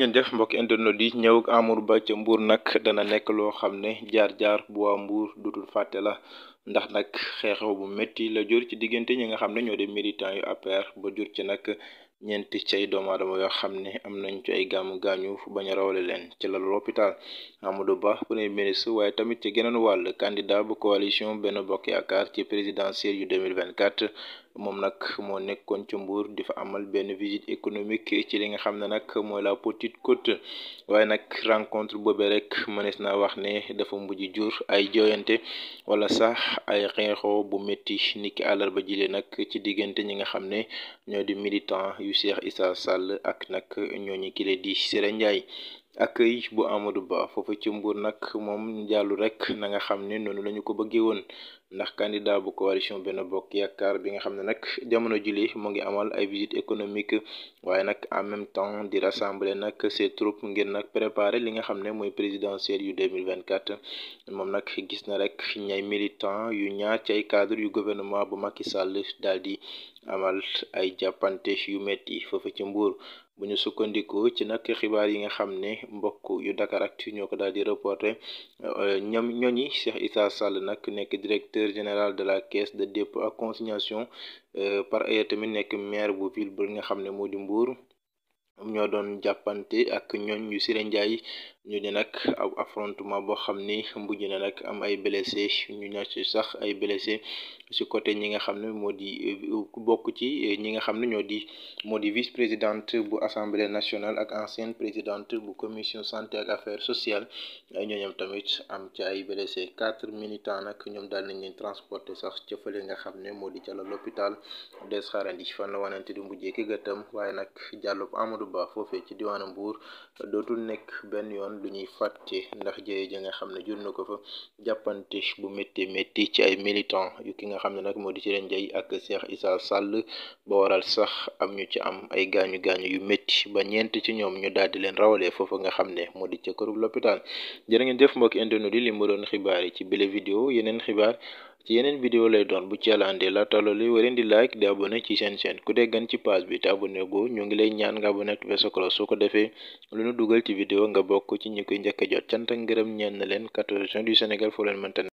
ngeen def mbokk internet di ñëw Amadou Ba ca Mbour nag dana nekk loo xam ne jaar-jaar bu waa Mbour dutul fàtte la ndax nag xeexew bu métti la jur ci diggante ñi nga xam ne ñoo di militant yu APR ba jur ci nag ñeenti cay doomu aadama yoo xam ne am nañ ci ay gaamu gaañu fu bañ a rawale leen ci lalu l'hôpital Amadou Ba premier ministre waaye tamit ci geneen wàll candidat bu coalition Benno Bokk Yaakaar ci présidentielle yu 2024 moom nag moo nekkoon ca mbuur di fa amal benn visite économique ci li nga xam ne nag mooy la petite côte waaye nag rencontre boobe rek mënees naa wax ne dafa mujj jur ay jooyante wala sax ay xeexoo bu métti niki àllarba jile nag ci diggante ñi nga xam ne ñoo di militant yu Cheikh Issa Sall ak nag ñooñu kile di Sira Ndiaye accueil bu Amadou Ba foofu ci Mbour nag moom jàllu rek na nga xam ne noonu la ñu ko bëggee woon ndax candidat bu coalition benn Bokk Yaakaar bi nga xam ne nag jamono jili mu ngi amal ay visite économique waaye nag en même temps di rassembler nag ses troupes ngir nag préparer li nga xam ne mooy présidentielle yu 2024 moom nag gis na rek ñay militant yu ñaar ci cadre yu gouvernement bu Macky Sall daal di amal ay jàppante yu metti foofu ci Mbuur buñu ñu sukkandikoo ci nag xibaar yi nga xam ne mbokk yu Dakaractu ñoo ko daal di reporté ñoom ñooñi Cheikh Issa Sall nag nekk directeur général de la caisse de dépôt ak consignation euh, par ailleurs tamit nekk maire bu ville bi nga xam ne moo di Mbuur ñoom ñoo doon jàppante ak ñooñ yu Siré Ndiaye ñu ne nag ab affrontement boo xam ni mujj na nag am ay blessé ñu ña ci sax ay blessé ci côté ñi nga xam ne moo di bokk ci ñi nga xam ne ñoo di moo di vice présidente bu assemblée nationale ak ancienne présidente bu commission santé ak affaires sociales ñooñam tamit am ci ay blessé quatre militants nag ñoom daal nañ leen transporté sax ca fële nga xam ne moo di ca la l'hôpital des xaarandi fan la wanante du mujjee ki gëtam waaye nag jàllub Amadou Ba foofee ci diwaanu Mbuur dootul nekk benn yoon lu ñuy fàtte ndax jëye ja nga xam ne jur na ko fa jàppante bu métti métti ci ay militant yu ki nga xam ne nag moo di Siré Ndiaye ak Cheikh Issa Sall ba waral sax am ñu ci am ay gaañu gaañu yu metti ba ñeent ci ñoom ñu daal di leen rawalee foofu nga xam ne moo di ca kërub l'hôpital ngeen jëf mbokk internet yi li mu doon xibaar yi ci bile vidéo yeneen xibaar ci yeneen vidéo lay doon bu ci yàlla àndee la talo li wareen di like di abonné ci seen chaîne ku dee ci page bi te abonné go ñoo ngi lay ñaan nga abonné activé sa cloche soo ko defee lu nu dugal ci vidéo nga bokk ci ñi koy njëkk a jot cant ak ngërëm ñeen na leen 14 Régions du Sénégal foo leen mënta